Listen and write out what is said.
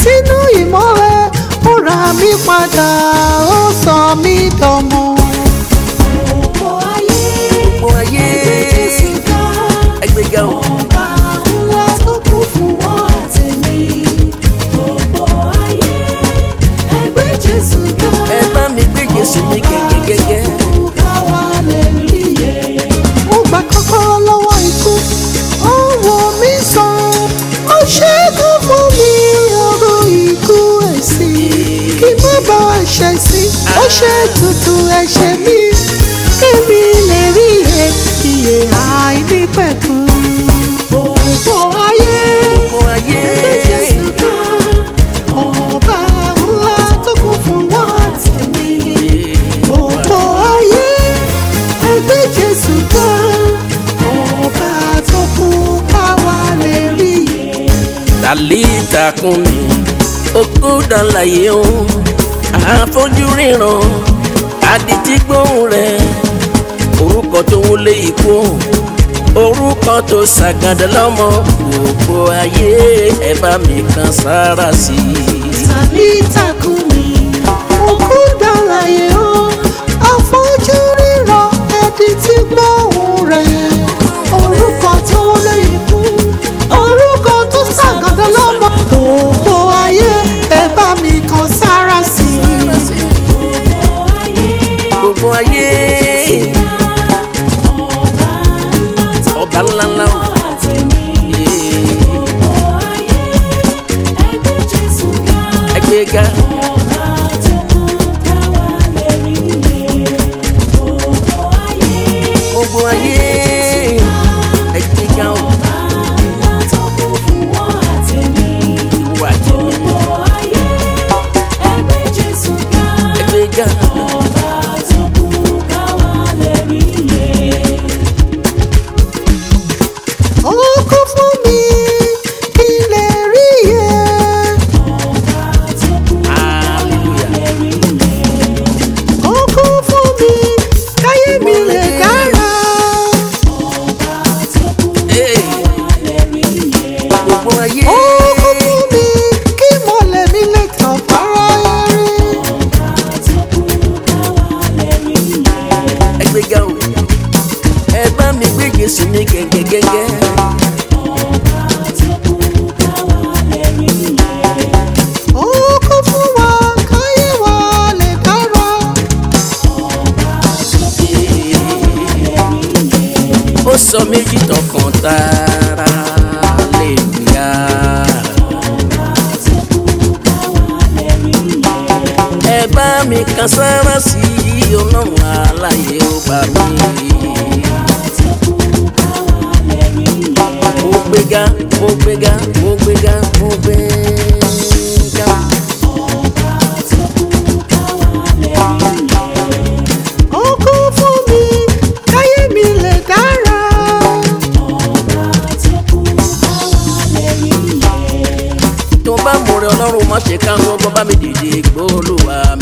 sínú ìmọ̀ rẹ ó rà mí padà. ṣe tutù ẹ̀ṣẹ̀ mi kémi lè rí iye iye àìní pẹ̀kun. Òpó ayé ẹgbẹ́ Jésù kan, ọba ńlá tó kún fún wọn tèmi. Òpó ayé ẹgbẹ́ Jésù kan, ọba tó kún káwa lè rí iye. Tàlí ìtàkùn mi, ó kú dán láyé òun àfojúríran àdìtígbóhùn rẹ̀ orúkọ tó wọlé ikú orúkọ tó ṣàgàdà lọ́mọ gbogbo ayé ẹ bá mi kan sára sí i. tàbí takùn mi òkú dára yẹn ọ̀gá ńláńlá o. ẹgbẹ́ ayé. ó kúkú mi kí mọ̀lẹ́ mi lè tàn fara eré. ọba tó kú rí i. ẹgbẹ́gà o ẹ bá mi gbé Jésù ní gẹ́gẹ́gẹ́. pa mí. mo gbéga mo gbéga mo gbéga mo gbéga. ọkọ fún mi káyé mi lè dára. tó bá mọ̀rẹ́ ọlọ́run má ṣe ká wọ́n gbọ́ bá mi dìde gbọ́ Olúwa mi.